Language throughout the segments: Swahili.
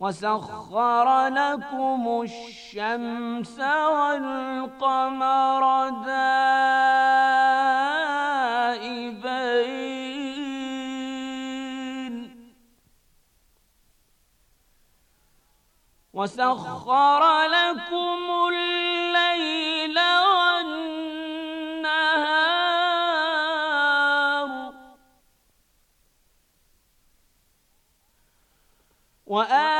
وسخر لكم الشمس والقمر دائبين وسخر لكم الليل والنهار وآل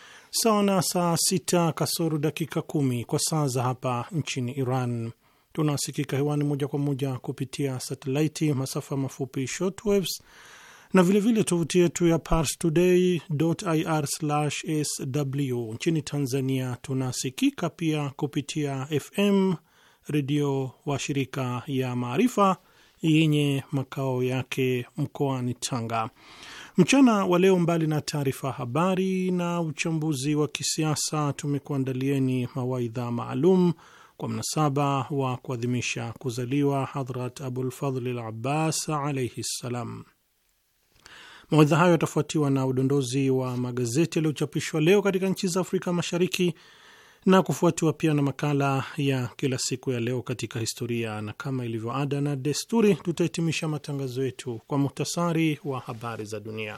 sawa na saa sita kasoro dakika kumi kwa saa za hapa nchini Iran. Tunasikika hewani moja kwa moja kupitia satelaiti, masafa mafupi shortwaves na vilevile tovuti yetu ya ir sw Nchini Tanzania tunasikika pia kupitia FM redio wa shirika ya Maarifa yenye makao yake mkoani Tanga. Mchana wa leo, mbali na taarifa habari na uchambuzi wa kisiasa, tumekuandalieni mawaidha maalum kwa mnasaba wa kuadhimisha kuzaliwa Hadhrat Abulfadhli al Abbas alaihi ssalam. Mawaidha hayo yatafuatiwa na udondozi wa magazeti yaliyochapishwa leo katika nchi za Afrika Mashariki na kufuatiwa pia na makala ya kila siku ya leo katika historia, na kama ilivyo ada na desturi, tutahitimisha matangazo yetu kwa muhtasari wa habari za dunia.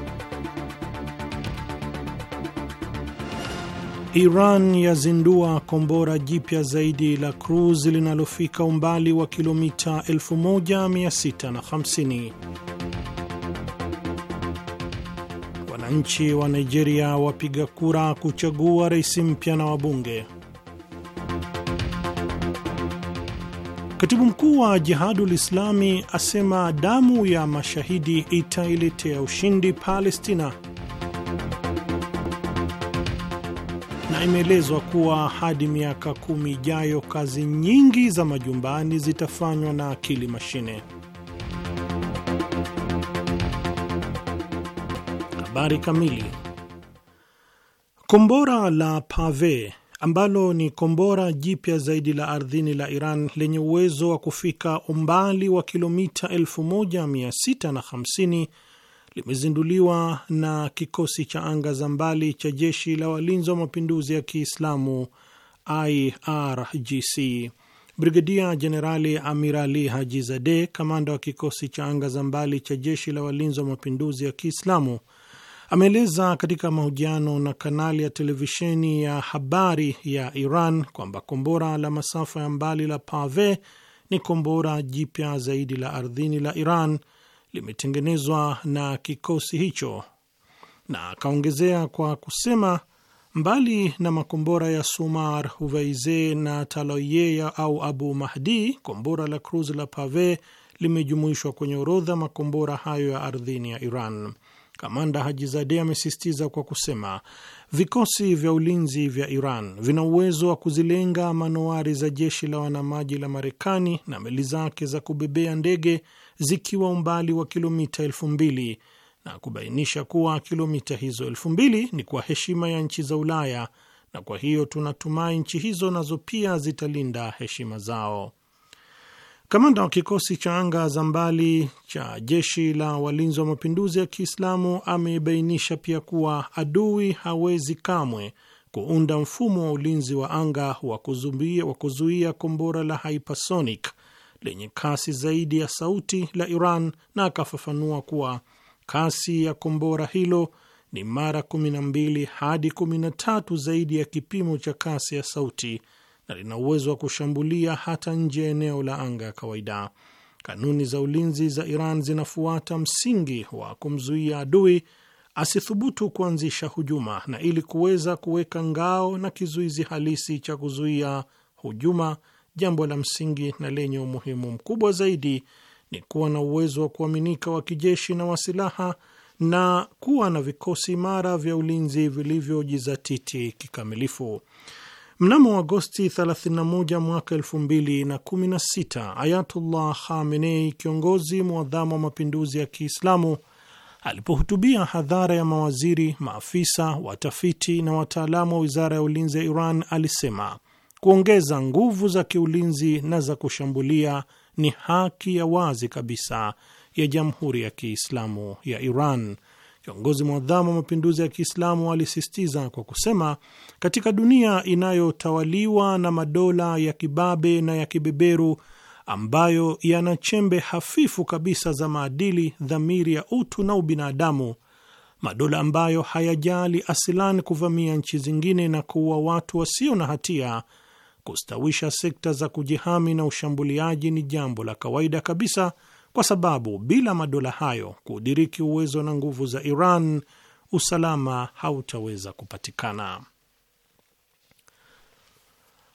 Iran yazindua kombora jipya zaidi la Cruise linalofika umbali wa kilomita 1650. Wananchi wa Nigeria wapiga kura kuchagua rais mpya na wabunge. Katibu mkuu wa Jihadul Islami asema damu ya mashahidi itailetea ushindi Palestina. imeelezwa kuwa hadi miaka kumi ijayo kazi nyingi za majumbani zitafanywa na akili mashine. Habari kamili. Kombora la Pave ambalo ni kombora jipya zaidi la ardhini la Iran lenye uwezo wa kufika umbali wa kilomita 1650 limezinduliwa na kikosi cha anga za mbali cha jeshi la walinzi wa mapinduzi ya Kiislamu IRGC. Brigedia Jenerali Amir Ali Haji Zade, kamanda wa kikosi cha anga za mbali cha jeshi la walinzi wa mapinduzi ya Kiislamu, ameeleza katika mahojiano na kanali ya televisheni ya habari ya Iran kwamba kombora la masafa ya mbali la Pave ni kombora jipya zaidi la ardhini la Iran limetengenezwa na kikosi hicho, na akaongezea kwa kusema mbali na makombora ya Sumar, Huveize na Taloyeya au Abu Mahdi, kombora la Cruz la Pave limejumuishwa kwenye orodha makombora hayo ya ardhini ya Iran. Kamanda Hajizadeh amesisitiza kwa kusema vikosi vya ulinzi vya Iran vina uwezo wa kuzilenga manowari za jeshi la wanamaji la Marekani na meli zake za kubebea ndege zikiwa umbali wa kilomita elfu mbili na kubainisha kuwa kilomita hizo elfu mbili ni kwa heshima ya nchi za Ulaya, na kwa hiyo tunatumai nchi hizo nazo pia zitalinda heshima zao. Kamanda wa kikosi cha anga za mbali cha jeshi la walinzi wa mapinduzi ya Kiislamu amebainisha pia kuwa adui hawezi kamwe kuunda mfumo wa ulinzi wa anga wa kuzuia kombora la hypersonic lenye kasi zaidi ya sauti la Iran, na akafafanua kuwa kasi ya kombora hilo ni mara 12 hadi 13 zaidi ya kipimo cha kasi ya sauti na lina uwezo wa kushambulia hata nje ya eneo la anga ya kawaida. Kanuni za ulinzi za Iran zinafuata msingi wa kumzuia adui asithubutu kuanzisha hujuma, na ili kuweza kuweka ngao na kizuizi halisi cha kuzuia hujuma, jambo la msingi na lenye umuhimu mkubwa zaidi ni kuwa na uwezo wa kuaminika wa kijeshi na wa silaha na kuwa na vikosi imara vya ulinzi vilivyojizatiti kikamilifu. Mnamo Agosti 31 mwaka 2016 Ayatullah Khamenei, kiongozi mwadhamu wa mapinduzi ya Kiislamu, alipohutubia hadhara ya mawaziri, maafisa, watafiti na wataalamu wa wizara ya ulinzi ya Iran alisema kuongeza nguvu za kiulinzi na za kushambulia ni haki ya wazi kabisa ya Jamhuri ya Kiislamu ya Iran Kiongozi mwadhamu wa mapinduzi ya Kiislamu alisisitiza kwa kusema, katika dunia inayotawaliwa na madola ya kibabe na ya kibeberu ambayo yana chembe hafifu kabisa za maadili, dhamiri ya utu na ubinadamu, madola ambayo hayajali asilan kuvamia nchi zingine na kuua watu wasio na hatia, kustawisha sekta za kujihami na ushambuliaji ni jambo la kawaida kabisa kwa sababu bila madola hayo kudiriki uwezo na nguvu za Iran, usalama hautaweza kupatikana.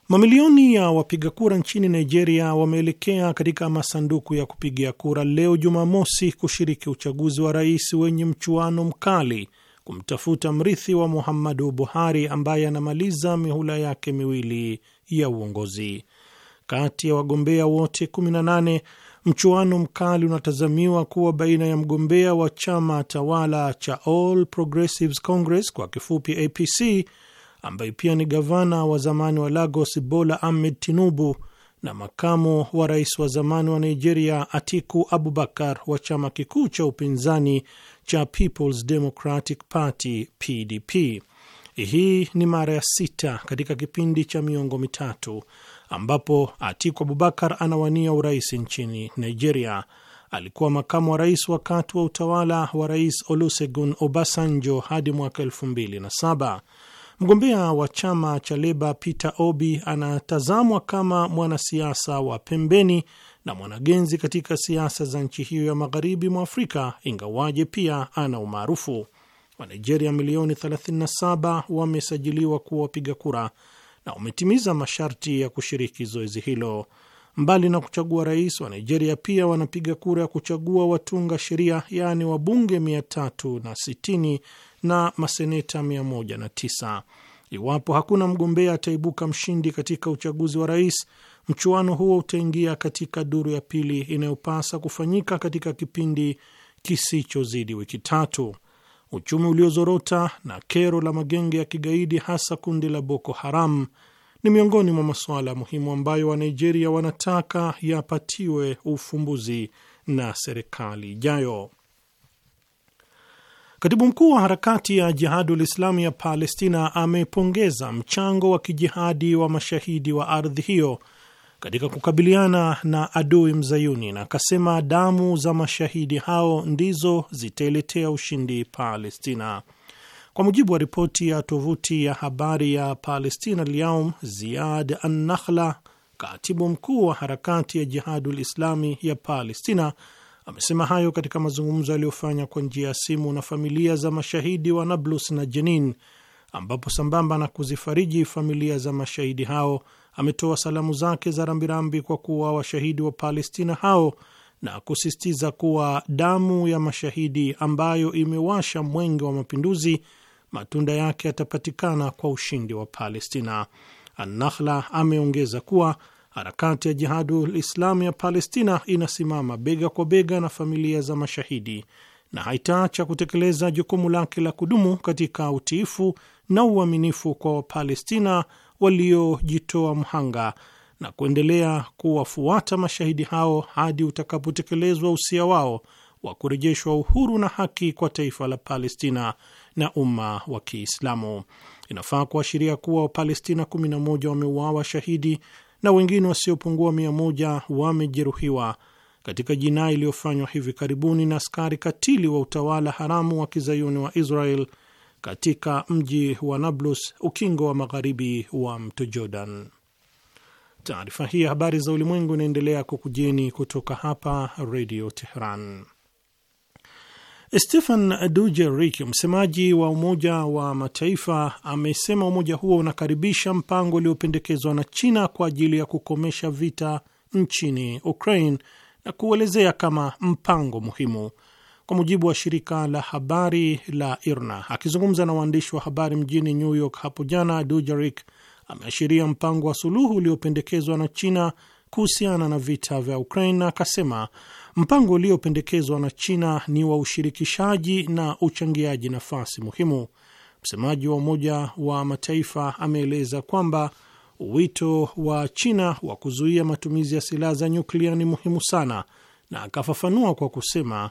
Mamilioni ya wapiga kura nchini Nigeria wameelekea katika masanduku ya kupigia kura leo Jumamosi kushiriki uchaguzi wa rais wenye mchuano mkali kumtafuta mrithi wa Muhammadu Buhari ambaye anamaliza mihula yake miwili ya uongozi. Kati ya wagombea wote 18 Mchuano mkali unatazamiwa kuwa baina ya mgombea wa chama tawala cha All Progressives Congress kwa kifupi APC, ambaye pia ni gavana wa zamani wa Lagos Bola Ahmed Tinubu na makamu wa rais wa zamani wa Nigeria Atiku Abubakar wa chama kikuu cha upinzani cha Peoples Democratic Party PDP. Hii ni mara ya sita katika kipindi cha miongo mitatu ambapo Atiku Abubakar anawania urais nchini Nigeria. Alikuwa makamu wa rais wakati wa utawala wa Rais Olusegun Obasanjo hadi mwaka elfu mbili na saba. Mgombea wa chama cha Leba Peter Obi anatazamwa kama mwanasiasa wa pembeni na mwanagenzi katika siasa za nchi hiyo ya magharibi mwa Afrika, ingawaje pia ana umaarufu. Wanigeria milioni 37 wamesajiliwa kuwa wapiga kura na umetimiza masharti ya kushiriki zoezi hilo. Mbali na kuchagua rais wa Nigeria, pia wanapiga kura ya kuchagua watunga sheria, yaani wabunge 360 na maseneta 109. Iwapo hakuna mgombea ataibuka mshindi katika uchaguzi wa rais, mchuano huo utaingia katika duru ya pili inayopasa kufanyika katika kipindi kisichozidi wiki tatu uchumi uliozorota na kero la magenge ya kigaidi hasa kundi la Boko Haram ni miongoni mwa masuala muhimu ambayo Wanigeria wanataka yapatiwe ufumbuzi na serikali ijayo. Katibu mkuu wa harakati ya Jihadul Islami ya Palestina amepongeza mchango wa kijihadi wa mashahidi wa ardhi hiyo katika kukabiliana na adui mzayuni, na akasema damu za mashahidi hao ndizo zitailetea ushindi Palestina. Kwa mujibu wa ripoti ya tovuti ya habari ya Palestina Alyaum, Ziad Annakhla, katibu mkuu wa harakati ya Jihadul Islami ya Palestina, amesema hayo katika mazungumzo aliyofanya kwa njia ya simu na familia za mashahidi wa Nablus na Jenin, ambapo sambamba na kuzifariji familia za mashahidi hao ametoa salamu zake za rambirambi kwa kuwa washahidi wa Palestina hao na kusisitiza kuwa damu ya mashahidi ambayo imewasha mwenge wa mapinduzi matunda yake yatapatikana kwa ushindi wa Palestina. an ameongeza kuwa harakati ya Jihadul islamu ya Palestina inasimama bega kwa bega na familia za mashahidi na haitaacha kutekeleza jukumu lake la kudumu katika utiifu na uaminifu kwa Wapalestina waliojitoa mhanga na kuendelea kuwafuata mashahidi hao hadi utakapotekelezwa usia wao wa kurejeshwa uhuru na haki kwa taifa la Palestina na umma wa Kiislamu. Inafaa kuashiria kuwa Wapalestina 11 wameuawa shahidi na wengine wasiopungua 100 wamejeruhiwa katika jinai iliyofanywa hivi karibuni na askari katili wa utawala haramu wa kizayuni wa Israel katika mji wa Nablus, ukingo wa magharibi wa mto Jordan. Taarifa hii ya habari za ulimwengu inaendelea kukujeni kutoka hapa Redio Teheran. Stephen Dujerik, msemaji wa Umoja wa Mataifa, amesema umoja huo unakaribisha mpango uliopendekezwa na China kwa ajili ya kukomesha vita nchini Ukraine na kuelezea kama mpango muhimu kwa mujibu wa shirika la habari la IRNA. Akizungumza na waandishi wa habari mjini New York hapo jana, Dujarik ameashiria mpango wa suluhu uliopendekezwa na China kuhusiana na vita vya Ukraine na akasema mpango uliopendekezwa na China ni wa ushirikishaji na uchangiaji nafasi muhimu. Msemaji wa Umoja wa Mataifa ameeleza kwamba wito wa China wa kuzuia matumizi ya silaha za nyuklia ni muhimu sana, na akafafanua kwa kusema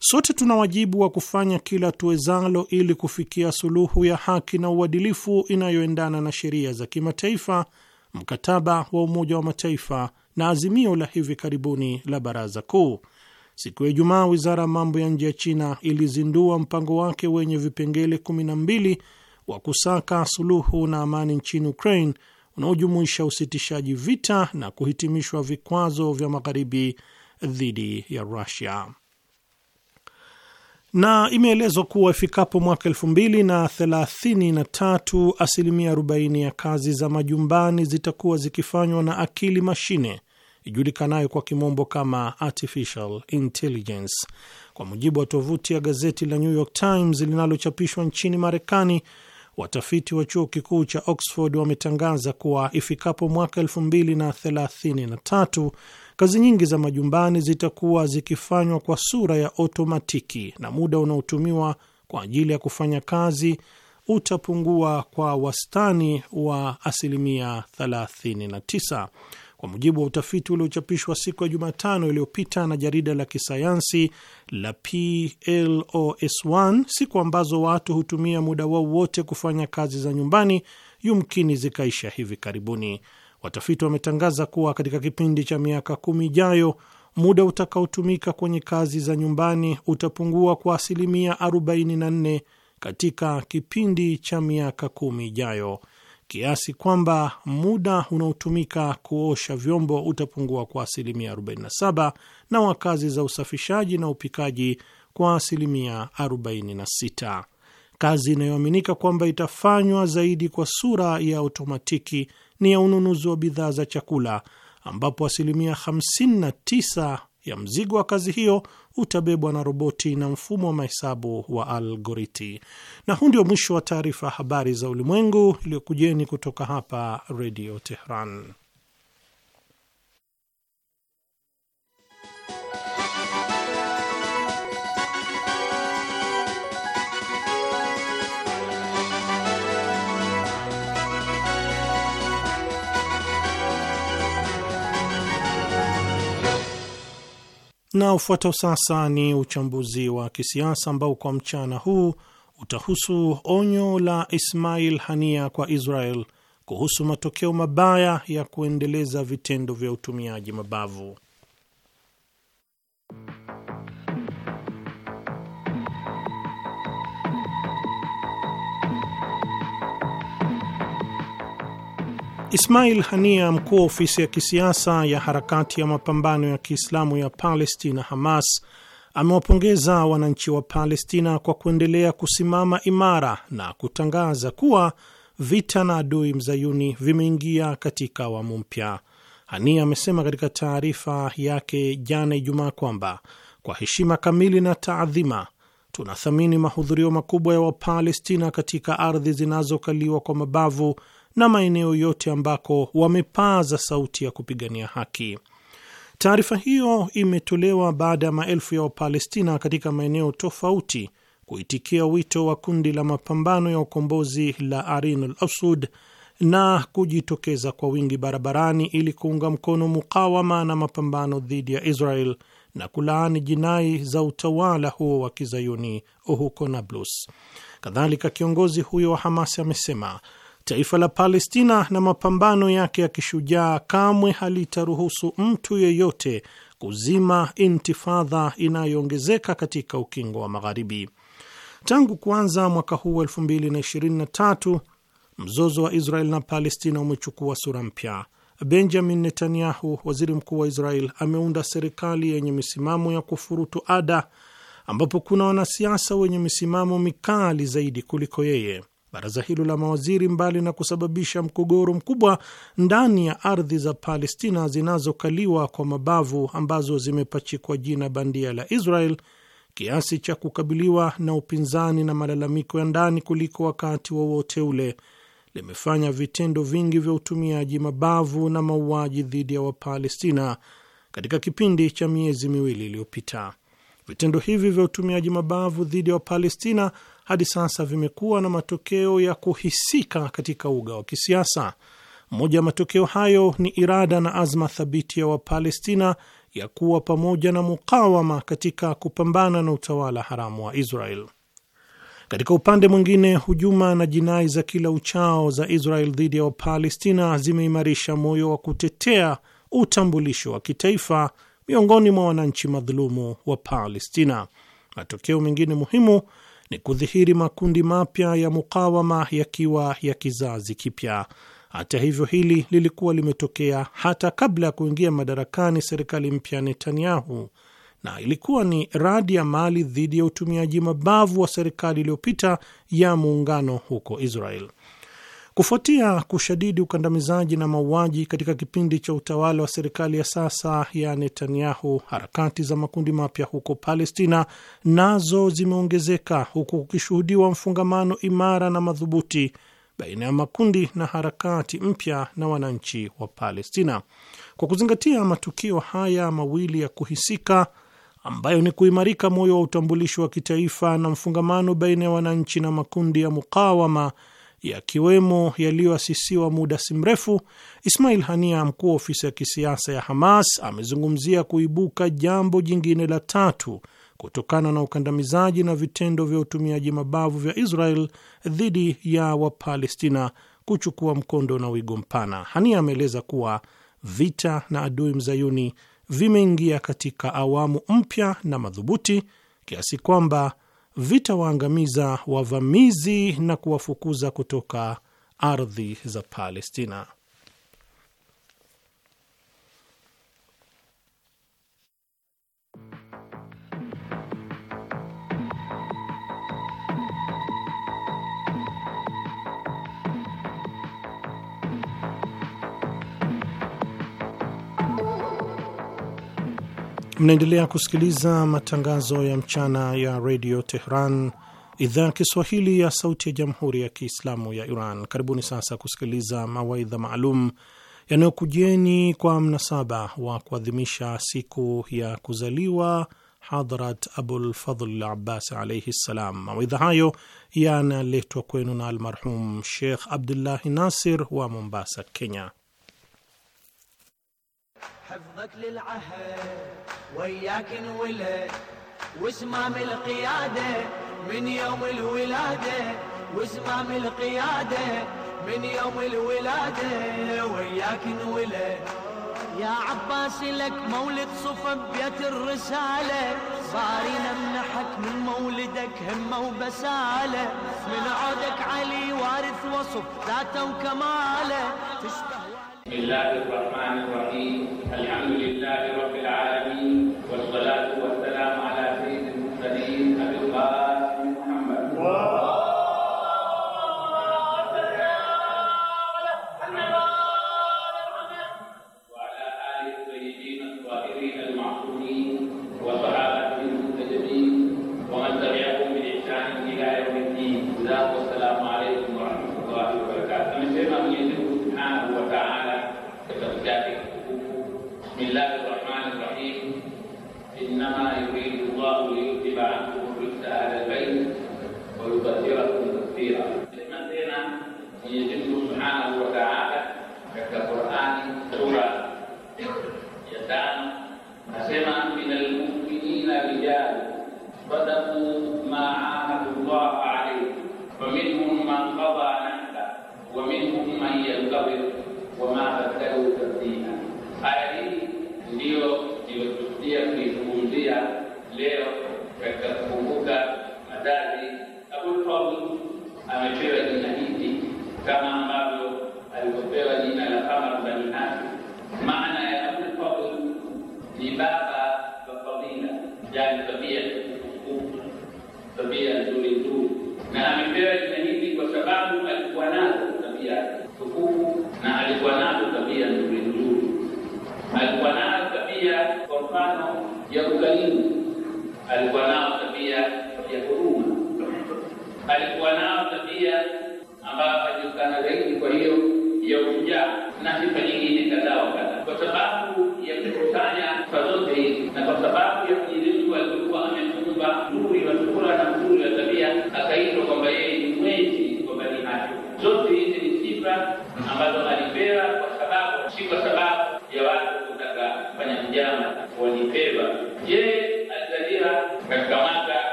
Sote tuna wajibu wa kufanya kila tuwezalo ili kufikia suluhu ya haki na uadilifu inayoendana na sheria za kimataifa, mkataba wa Umoja wa Mataifa na azimio la hivi karibuni la Baraza Kuu. Siku ya Ijumaa, wizara ya mambo ya nje ya China ilizindua mpango wake wenye vipengele 12 wa kusaka suluhu na amani nchini Ukraine unaojumuisha usitishaji vita na kuhitimishwa vikwazo vya magharibi dhidi ya Rusia na imeelezwa kuwa ifikapo mwaka elfu mbili na thelathini na tatu asilimia arobaini ya kazi za majumbani zitakuwa zikifanywa na akili mashine ijulikanayo kwa kimombo kama artificial intelligence, kwa mujibu wa tovuti ya gazeti la New York Times linalochapishwa nchini Marekani. Watafiti wa chuo kikuu cha Oxford wametangaza kuwa ifikapo mwaka elfu mbili na thelathini na tatu kazi nyingi za majumbani zitakuwa zikifanywa kwa sura ya otomatiki na muda unaotumiwa kwa ajili ya kufanya kazi utapungua kwa wastani wa asilimia 39 kwa mujibu wa utafiti uliochapishwa siku ya Jumatano iliyopita na jarida la kisayansi la PLOS1. Siku ambazo watu hutumia muda wao wote kufanya kazi za nyumbani yumkini zikaisha hivi karibuni. Watafiti wametangaza kuwa katika kipindi cha miaka kumi ijayo muda utakaotumika kwenye kazi za nyumbani utapungua kwa asilimia 44 katika kipindi cha miaka kumi ijayo, kiasi kwamba muda unaotumika kuosha vyombo utapungua kwa asilimia 47 na wa kazi za usafishaji na upikaji kwa asilimia 46. Kazi inayoaminika kwamba itafanywa zaidi kwa sura ya otomatiki ni ya ununuzi wa bidhaa za chakula, ambapo asilimia 59 ya mzigo wa kazi hiyo utabebwa na roboti na mfumo wa mahesabu wa algoriti. Na huu ndio mwisho wa taarifa ya habari za ulimwengu iliyokujeni kutoka hapa Redio Tehran. Na ufuatao sasa ni uchambuzi wa kisiasa ambao kwa mchana huu utahusu onyo la Ismail Hania kwa Israel kuhusu matokeo mabaya ya kuendeleza vitendo vya utumiaji mabavu. Ismail Hania, mkuu wa ofisi ya kisiasa ya harakati ya mapambano ya Kiislamu ya Palestina, Hamas, amewapongeza wananchi wa Palestina kwa kuendelea kusimama imara na kutangaza kuwa vita na adui mzayuni vimeingia katika awamu mpya. Hania amesema katika taarifa yake jana Ijumaa kwamba kwa heshima kamili na taadhima tunathamini mahudhurio makubwa ya Wapalestina katika ardhi zinazokaliwa kwa mabavu na maeneo yote ambako wamepaza sauti ya kupigania haki. Taarifa hiyo imetolewa baada ya maelfu ya Wapalestina katika maeneo tofauti kuitikia wito wa kundi la mapambano ya ukombozi la Arin usud Asud na kujitokeza kwa wingi barabarani ili kuunga mkono mukawama na mapambano dhidi ya Israel na kulaani jinai za utawala huo wa kizayuni huko Nablus. Kadhalika, kiongozi huyo wa Hamas amesema Taifa la Palestina na mapambano yake ya kishujaa kamwe halitaruhusu mtu yeyote kuzima intifadha inayoongezeka katika ukingo wa Magharibi. Tangu kuanza mwaka huu wa 2023 mzozo wa Israel na Palestina umechukua sura mpya. Benjamin Netanyahu, waziri mkuu wa Israel, ameunda serikali yenye misimamo ya kufurutu ada, ambapo kuna wanasiasa wenye misimamo mikali zaidi kuliko yeye. Baraza hilo la mawaziri, mbali na kusababisha mgogoro mkubwa ndani ya ardhi za Palestina zinazokaliwa kwa mabavu ambazo zimepachikwa jina bandia la Israel, kiasi cha kukabiliwa na upinzani na malalamiko ya ndani kuliko wakati wowote wa ule, limefanya vitendo vingi vya utumiaji mabavu na mauaji dhidi ya Wapalestina katika kipindi cha miezi miwili iliyopita. Vitendo hivi vya utumiaji mabavu dhidi ya Wapalestina hadi sasa vimekuwa na matokeo ya kuhisika katika uga wa kisiasa. Moja ya matokeo hayo ni irada na azma thabiti ya Wapalestina ya kuwa pamoja na mukawama katika kupambana na utawala haramu wa Israel. Katika upande mwingine, hujuma na jinai za kila uchao za Israel dhidi ya Wapalestina zimeimarisha moyo wa kutetea utambulisho wa kitaifa miongoni mwa wananchi madhulumu wa Palestina. Matokeo mengine muhimu ni kudhihiri makundi mapya ya mukawama yakiwa ya kizazi kipya. Hata hivyo, hili lilikuwa limetokea hata kabla ya kuingia madarakani serikali mpya Netanyahu, na ilikuwa ni radi ya mali dhidi ya utumiaji mabavu wa serikali iliyopita ya muungano huko Israel. Kufuatia kushadidi ukandamizaji na mauaji katika kipindi cha utawala wa serikali ya sasa ya Netanyahu, harakati za makundi mapya huko Palestina nazo zimeongezeka huku kukishuhudiwa mfungamano imara na madhubuti baina ya makundi na harakati mpya na wananchi wa Palestina. Kwa kuzingatia matukio haya mawili ya kuhisika ambayo ni kuimarika moyo wa utambulisho wa kitaifa na mfungamano baina ya wananchi na makundi ya mukawama yakiwemo yaliyoasisiwa muda si mrefu, Ismail Hania, mkuu wa ofisi ya kisiasa ya Hamas, amezungumzia kuibuka jambo jingine la tatu kutokana na ukandamizaji na vitendo vya utumiaji mabavu vya Israel dhidi ya Wapalestina kuchukua mkondo na wigo mpana. Hania ameeleza kuwa vita na adui mzayuni vimeingia katika awamu mpya na madhubuti kiasi kwamba vitawaangamiza wavamizi na kuwafukuza kutoka ardhi za Palestina. Mnaendelea kusikiliza matangazo ya mchana ya redio Tehran, idhaa ya Kiswahili ya sauti ya jamhuri ya kiislamu ya Iran. Karibuni sasa kusikiliza mawaidha maalum yanayokujeni kwa mnasaba wa kuadhimisha siku ya kuzaliwa Hadhrat Abulfadhl Abbas alaihi ssalam. Mawaidha hayo yanaletwa kwenu na almarhum Sheikh Abdullahi Nasir wa Mombasa, Kenya. حفظك للعهد وياك انولد وزمام القيادة من يوم الولادة وزمام القيادة من يوم الولادة وياك انولد يا عباس لك مولد صفى بيت الرسالة صاري منحك من مولدك همة وبسالة من عودك علي وارث وصف ذاته وكماله تشبه بسم الله الرحمن الرحيم الحمد لله رب العالمين similar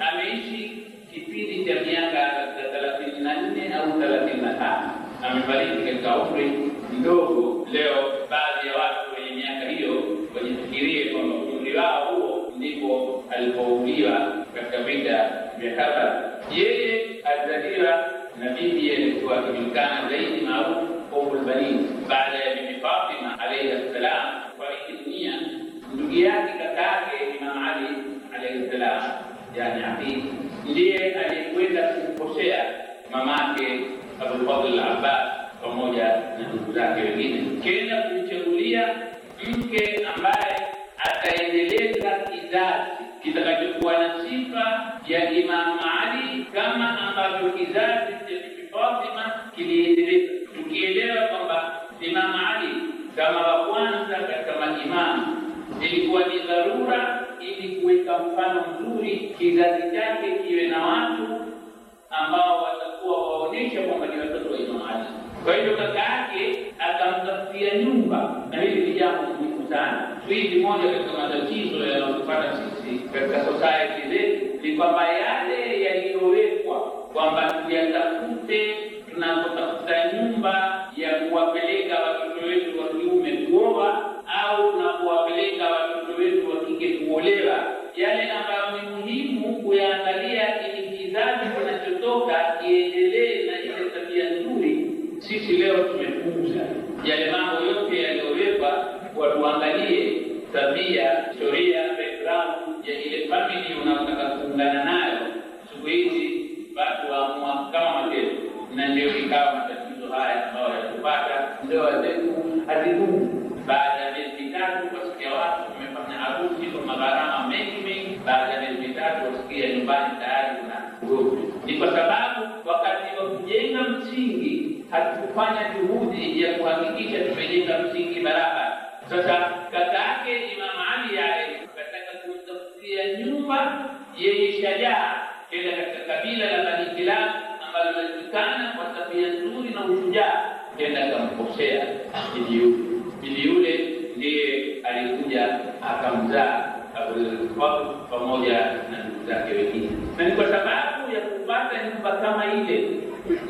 ameishi kipindi cha miaka thelathini na nne au thelathini na tano amefariki katika umri mdogo. Leo baadhi ya watu wenye miaka hiyo wajifikirie kwamba umri wao huo ndipo alipouliwa katika vita vya Karbala. Yeye alizaliwa na bibi alikuwa akijulikana zaidi maarufu Ummul yani Atiq ndiye aliyekwenda kumposea mamake al Abbas pamoja na ndugu zake wengine, kenda kumchagulia mke ambaye ataendeleza kizazi kitakachokuwa na sifa ya Imam Ali kama ambavyo kizazi cha Bibi Fatima kiliendeleza, tukielewa kwamba Imam Ali kama wa kwanza katika maimamu ilikuwa ni dharura ili kuweka mfano mzuri, kizazi chake kiwe na watu ambao watakuwa waonesha kwamba ni watoto wa Imamu Ali. Kwa hivyo kaka yake akamtafutia nyumba, na hili ni jambo muhimu sana. Siku hizi moja katika matatizo yanayotupata sisi katika society zetu ni kwamba yale yaliyowekwa kwamba tuyatafute, tunapotafuta nyumba ya kuwapeleka kuwalenga watoto wetu wa kuolewa, yale ambayo ni muhimu kuyaangalia ili kizazi kinachotoka kiendelee na ile tabia nzuri, sisi leo tumepuuza yale mambo yote yaliyowekwa. Watuangalie tabia, historia, background ya ile famili unaotaka kuungana nayo. Siku hizi watu waamua kama matendo, na ndio ikawa matatizo haya ambayo yatupata. ndio wazetu hazidumu baada magharama mengi mengi, baada ya miezi mitatu wasikia nyumbani tayari una nguvu. Ni kwa sababu wakati wa kujenga msingi hatukufanya juhudi ya kuhakikisha tumejenga msingi barabara. Sasa kaka yake Imam Ali yale kataka kumtafutia nyumba yenye shajaa tena katika kabila la Bani Kilab ambalo linajulikana kwa tabia nzuri na ushujaa, kenda akamkosea bibi yule. Bibi yule ndiye alikuja akamzaa kwako pamoja na ndugu zake wengine, na ni kwa sababu ya kupata nyumba kama ile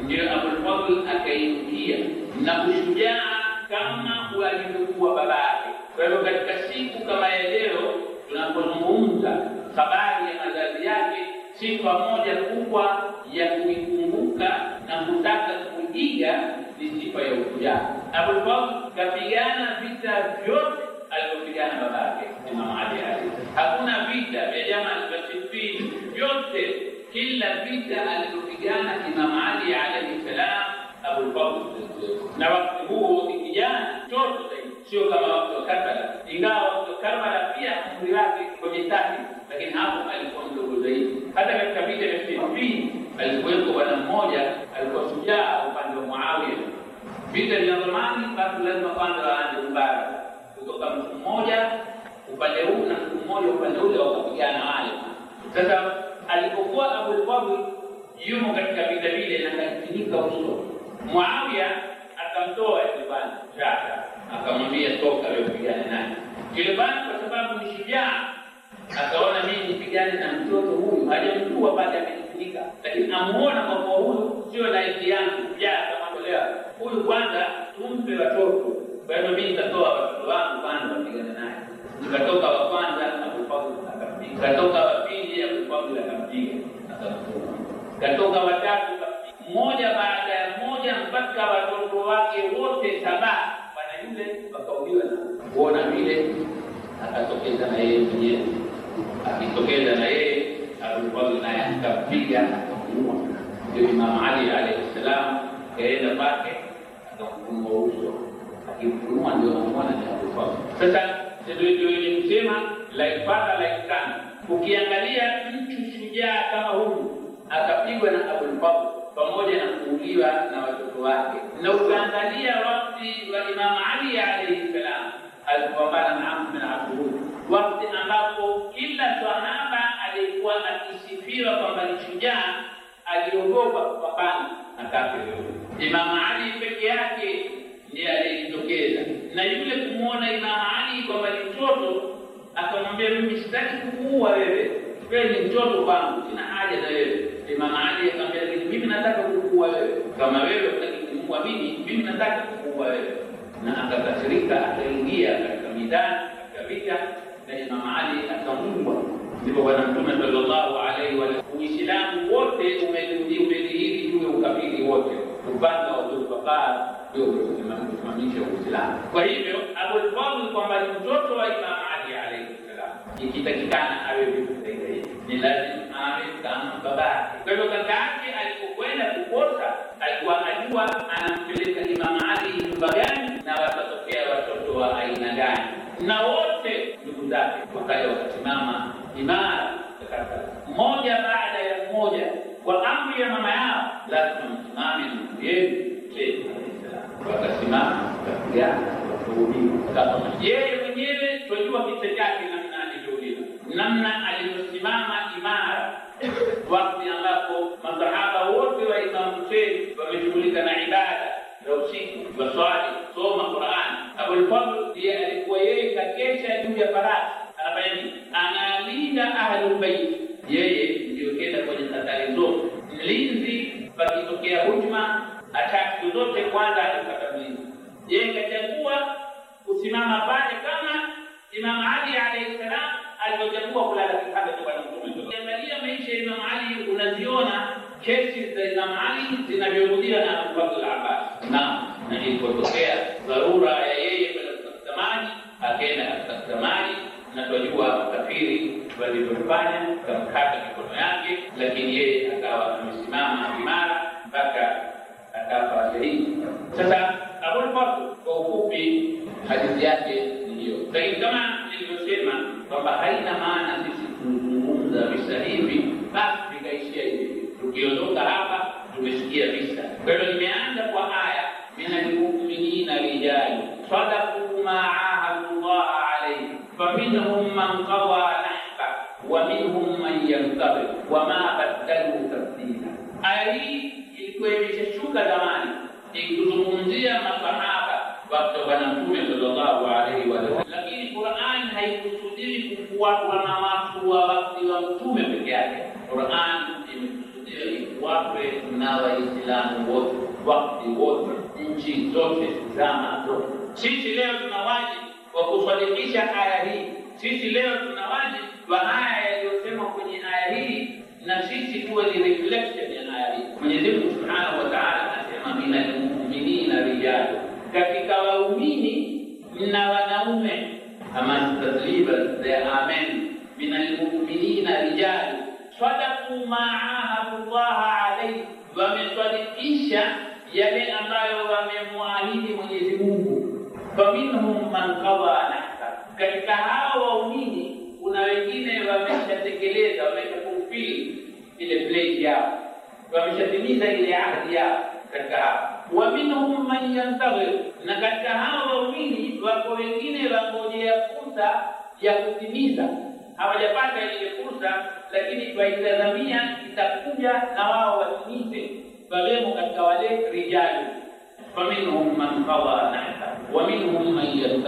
ndio Abulfadl akaingia na kushujaa kama walivyokuwa yake. Kwa hivyo katika siku kama ya leo tunapozungumza habari ya mazazi yake, sifa moja kubwa ya kuikumbuka na kutaka kuiga ni sifa ya ushujaa. Abulfadl kapigana vita vyote alivyopigana yake Imam Ali Ali. Hakuna vita vya Jamal al vyote, kila vita alivyopigana Imam Ali alayhi salam Abu Bakr, na wakati huo ni kijana mtoto zaidi, sio kama wakati wa Karbala, ingawa wakati wa Karbala pia umri wake kwenye tahi, lakini hapo alikuwa mdogo zaidi. Hata katika vita vya Siffin alikuwepo bwana mmoja alikuwa shujaa upande wa Muawiya. Vita vya zamani, basi lazima kwanza waanze Mubarak kutoka mtu mmoja upande huu na mtu mmoja upande ule, wakapigana wale. Sasa alipokuwa Abu Lwawi yumo katika vita vile na kakinika uso, Muawiya akamtoa Jubani Shaka akamwambia toka, wepigane naye. Jubani kwa sababu ni shujaa, akaona mimi nipigane na mtoto huyu, hajamjua baada ya kujifunika, lakini amuona kwa huyu sio laiki yangu, jaa akamwambia huyu kwanza tumpe watoto Kwa hiyo mimi nitatoa watoto wangu kwanza kupigana naye, nikatoka wa kwanza akakwangu akampiga, nikatoka wa pili akakwangu akampiga akamtuma, nikatoka watatu mmoja baada ya mmoja mpaka watoto wake wote saba bana yule wakauliwa na kuona vile, akatokeza na yeye mwenyewe, akitokeza na yeye akakwangu naye akampiga akamuua. Ndio Imam Ali alayhi salam kaenda kwake akamfunga uso kumfumua ndio unamwona ni Abu Sasa ndio msema like father like son. Ukiangalia mtu shujaa kama huyu akapigwa na Abu Bakar pamoja na kuuliwa na watoto wake, na ukaangalia wakati wa Imam Ali alayhi salam alipambana na Amr bin Abdul, wakati ambapo kila sahaba alikuwa akisifiwa kwamba ni shujaa, aliogopa kupambana na kafiri. Imam Ali peke yake ndiye aliyejitokeza na yule kumwona Imamu Ali kwamba ni mtoto, akamwambia mimi sitaki kukuua wewe, wewe ni mtoto wangu sina haja na wewe. imam Ali akamwambia lakini mimi nataka kukuua wewe, kama wewe utaki kumuua mimi, mimi nataka kukuua wewe. Na akakasirika akaingia katika midani, katika vita, na Imamu Ali akamuua. Ndipo Bwana Mtume sallallahu alaihi wasallam, Uislamu wote umedhihiri juu ya ukafiri wote upande wa Dhulfaqar ndio uliosimamisha Uislamu. Kwa hivyo Abul Fadhl kwamba ni mtoto wa Imam Ali alayhi salam, ikitakikana awe vivutengei ni lazima awe kama baba. Kwa hivyo kaka yake alipokwenda kukosa, alikuwa ajua anampeleka Imam Ali nyumba gani na watatokea watoto wa aina gani, na wote ndugu zake wakaja wakasimama imara, mmoja baada ya mmoja, kwa amri ya mama yake سمجیے alama na na ilipotokea dharura ya yeye kwenda kutafuta maji akaenda akatafuta maji na twajua wakafiri walivyofanya kamkata mikono yake lakini yeye akawa amesimama imara mpaka akafa shahidi sasa abul kwa ufupi hadithi yake ndiyo lakini kama nilivyosema kwamba haina maana sisi kuzungumza visa hivi basi vikaishia hivi tukiondoka hapa tumesikia visa. Kwa hiyo nimeanza kwa haya minalmuminina rijali sadaku ma ahadu llaha alaihi faminhum man qawa nahba wa minhum man yantabir wama badalu tabdila. Aya hii ilikuwa imeshashuka zamani ikizungumzia masahaba wakati wa Mtume sallallahu alaihi sallam, lakini Qur'an haikusudii kufuatwa na watu wa wakati wa Mtume peke yake. Qur'an wape na Waislamu wote wakati wote, nchi zote, zama zote. Sisi leo tuna wajibu wa kuswadikisha aya hii. Sisi leo tuna wajibu wa haya yaliyosema kwenye aya hii, na sisi tuwe ni reflection ya aya hii. Mwenyezi Mungu Subhanahu wa Ta'ala anasema, minal muminina rijalu, katika waumini mna wanaume. Ama tasliba the amen, minal muminina rijalu sadaqu maahadu llaha alaihi, wamesadikisha yale ambayo wamemwahidi Mwenyezi Mungu. Faminhum man qada nahba, katika hao waumini kuna wengine wameshatekeleza, wameshakufili ile pledge yao, wameshatimiza ile ahadi yao katika hao wa minhum man yantaghir, na katika hao waumini wako wengine wangojea fursa ya kutimiza, hawajapata ile fursa lakini twaitazamia itakuja na wao watimize, wawemo katika wale rijalu. faminhum man qada nahba wa minhum man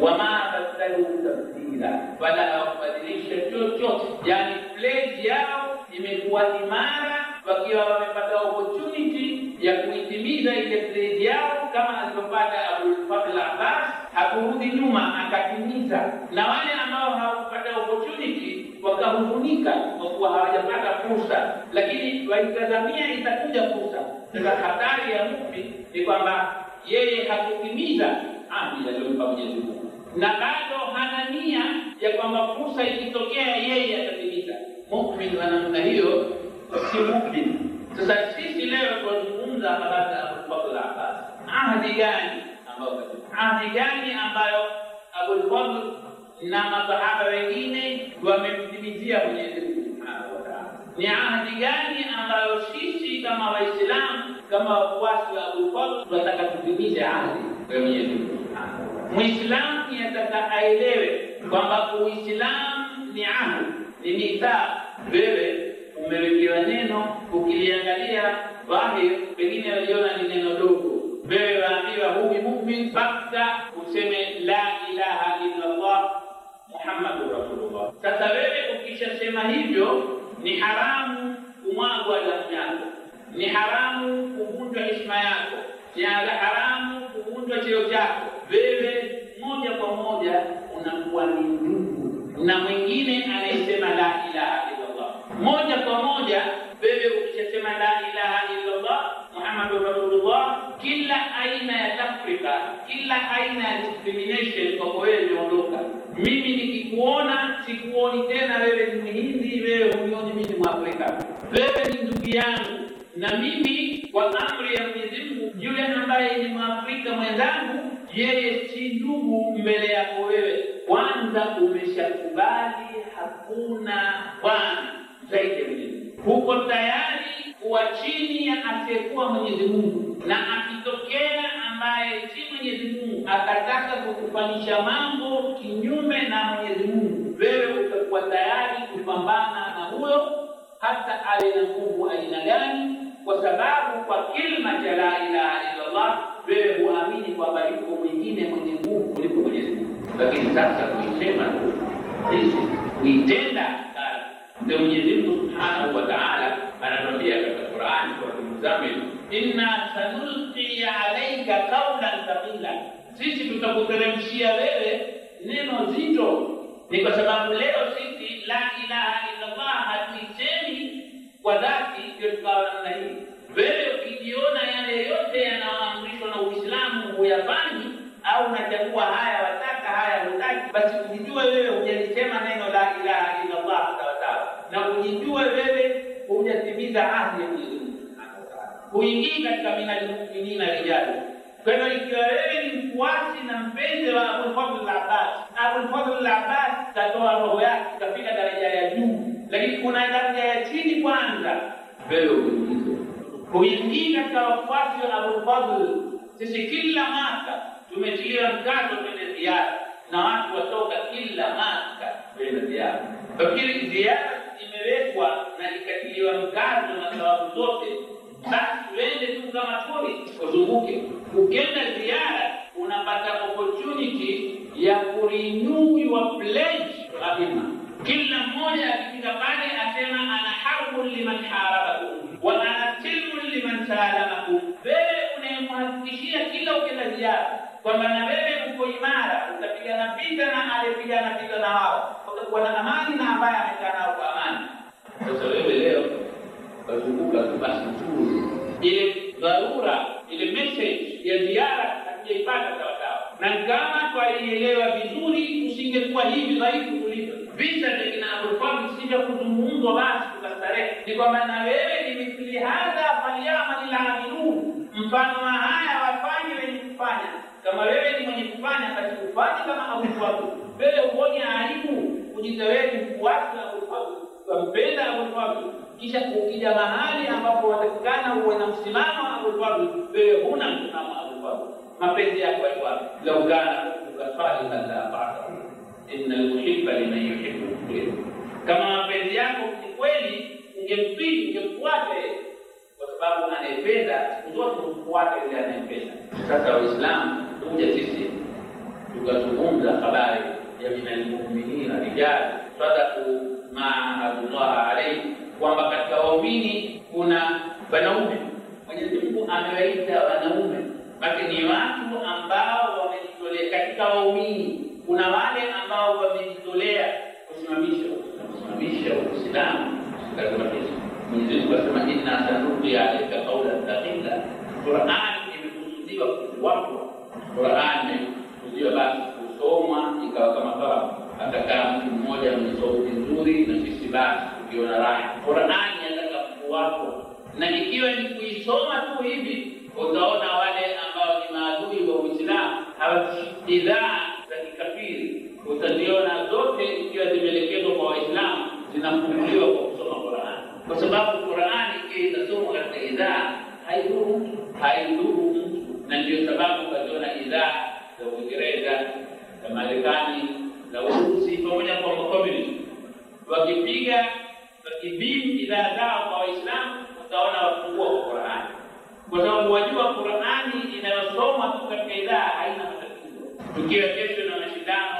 wa ma badalu tabdila, wala hawakubadilisha chochote. Yani pledge yao imekuwa imara, wakiwa wamepata opportunity ya kuitimiza ile pledge yao, kama alivyopata Abul Fadl Abbas, hakurudi nyuma, akatimiza. Na wale ambao hawakupata opportunity wakahuzunika kwa kuwa hawajapata fursa, lakini waitazamia itakuja fursa. Sasa hatari ya muumini ni kwamba yeye hakutimiza ahadi aliyompa Mwenyezi Mungu, na bado hana nia ya kwamba fursa ikitokea yeye atatimiza. mumin wa namna hiyo si muumini. Sasa sisi leo kuzungumza habari za Abulfadl Abbas, ahadi gani ambayo ahadi gani ambayo Abulfadl na masahaba wengine wamemtimizia Mwenyezi Mungu subhanahu wa taala, ni ahadi gani ambayo sisi kama Waislamu kama wafuasi wa Abulfadl tunataka tutimize ahadi kwa Mwenyezi Mungu subhanahu wa taala. Muislamu yataka aelewe kwamba Uislamu ni ahadi, ni mitaa. Wewe umewekewa neno, ukiliangalia wahi pengine waliona ni neno dogo. Wewe waambiwa huyu mumin, basta useme la ilaha illallah muhammadu rasulullah. Sasa wewe ukishasema hivyo, ni haramu kumwagwa damu yako, ni haramu kuvunjwa heshima yako, ni haramu kuvunjwa cheo chako. Wewe moja kwa moja unakuwa ni ndugu na mwingine anayesema la ilaha illallah moja kwa moja, wewe kusema la ilaha illallah muhammadu rasulullah, kila aina ya tafrika, kila aina ya discrimination kwa wewe imeondoka. Mimi nikikuona sikuoni tena wewe ni Mhindi, wewe unioni mimi ni Mwafrika, wewe ni ndugu yangu na mimi kwa amri ya Mwenyezi Mungu, yule ambaye ni Mwafrika mwenzangu, yeye si ndugu mbele yako wewe. Kwanza umeshakubali hakuna bwana zaidi ya Mwenyezi huko tayari kuwa chini ya asiyekuwa Mwenyezi Mungu, na akitokea ambaye si Mwenyezi Mungu akataka kukufanyisha mambo kinyume na Mwenyezi Mungu, wewe utakuwa tayari kupambana na huyo hata awe na nguvu aina gani, kwa sababu kwa kilima cha la ilaha illallah wewe huamini kwamba yuko mwingine mwenye nguvu kuliko Mwenyezi Mungu. Lakini sasa kuisema hizi kuitenda ndio Mwenyezi Mungu subhanahu wa taala mzammil, inna sanulqi alayka qawlan thaqila, sisi tutakuteremshia wewe neno zito. Ni kwa sababu leo sisi la ilaha Allah hatuisemi kwa dhati, ndio tukawa kuingia katika minal muminina Kwa hivyo ikiwa wewe ni mfuasi na mpenzi wa Abulfadhl Abbas, Abulfadhl Abbas tatoa roho yake kafika daraja ya juu, lakini kuna daraja ya chini kwanza, wewe kuingia katika wafuasi wa Abulfadhl. Sisi kila mwaka tumetilia mkazo kwenye ziara na watu watoka kila mwaka kwenye ziara. Nafikiri ziara imewekwa na ikatiliwa mkazo na sababu zote basi tuende tu kama polisi kuzunguke. Ukienda ziara, unapata opportunity ya kurenew your pledge to Kila mmoja akifika pale asema ana harbun liman harabakum wa ana silmun liman salamakum. Wewe unayemhakikishia kila ukienda ziara kwamba na wewe uko imara, utapigana vita na aliyepigana vita na hao, utakuwa na amani na ambaye amekaa nao kwa amani. Sasa wewe leo wazungu basi shukrani. Ile dharura ile message ya ziara hatujaipata sawasawa, na kama twaielewa vizuri usingekuwa hivi dhaifu kulivyo. Visa vya kina Abu si vya kuzungumzwa basi tukastarehe, ni kwamba na wewe ni mithili hadha falyamal amilun, mfano wa haya wafanye wenye kufanya. Kama wewe ni mwenye kufanya, basi ufanye kama Abu Wewe uone aibu kujitawezi kufuata kumpenda amri wake, kisha ukija mahali ambapo watakikana uwe na msimamo wa amri wake, wewe huna msimamo wa amri wake, mapenzi yako yako wapi? lau kana ukafaliha la ataata inna lmuhiba liman yuhibu kama mapenzi yako ni kweli, ungemtii ungemfuate, kwa sababu anayependa siku zote umfuate yule anayependa. Sasa Waislamu tukuja sisi tukazungumza habari ya minalmuminina rijali sadaku mahadullaha alaihi, kwamba katika waumini kuna wanaume. Mwenyezi Mungu amewaita wanaume, basi ni watu ambao wamejitolea. Katika waumini kuna wale ambao wamejitolea kusimamisha kusimamisha Uislamu katika mataifa. Mwenyezi Mungu asema inna sanuqia alayka qawlan thaqila. Qur'an imekusudiwa kuwapwa, Qur'an imekusudiwa basi kusomwa ikawa kama kawaida hata kama mtu mmoja ana sauti nzuri, na sisi basi ukiona raha. Qurani yataka mkuu wako, na ikiwa ni kuisoma tu hivi, utaona wale ambao ni maadui wa Uislamu hawa bidhaa za kikafiri utaziona zote ikiwa zimeelekezwa kwa Waislamu zinafunguliwa kwa kusoma Qurani, kwa sababu Qurani ikiwa itasomwa katika idhaa haidhuru mtu, haidhuru mtu, na ndio sababu ukaziona idhaa za Uingereza za Marekani na Urusi pamoja na communism, wakipiga wakibimu bidhaa zao kwa Waislamu wataona wafungua kwa Qurani, kwa sababu wajua Qurani inayosoma tu katika idhaa haina matatizo. Tukiwa kesho na mashindano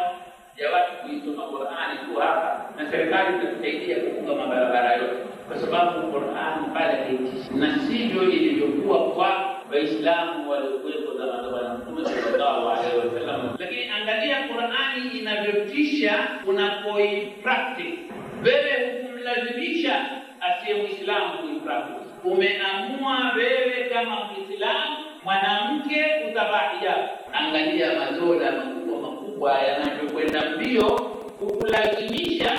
ya watu kuisoma Qurani tu hapa, na serikali itatusaidia kufunga mabarabara yote, kwa sababu Qurani pale haitishi, na sivyo ilivyokuwa kwa Waislamu waliokuwepo zamani ya Mtume sallallahu alaihi wasallam. Lakini angalia Qur'ani inavyotisha unapoipractice. Wewe hukumlazimisha asiye Muislamu kuipractice. Umeamua wewe kama Muislamu mwanamke utavaa hijabu. Angalia madola makubwa makubwa yanavyokwenda mbio kukulazimisha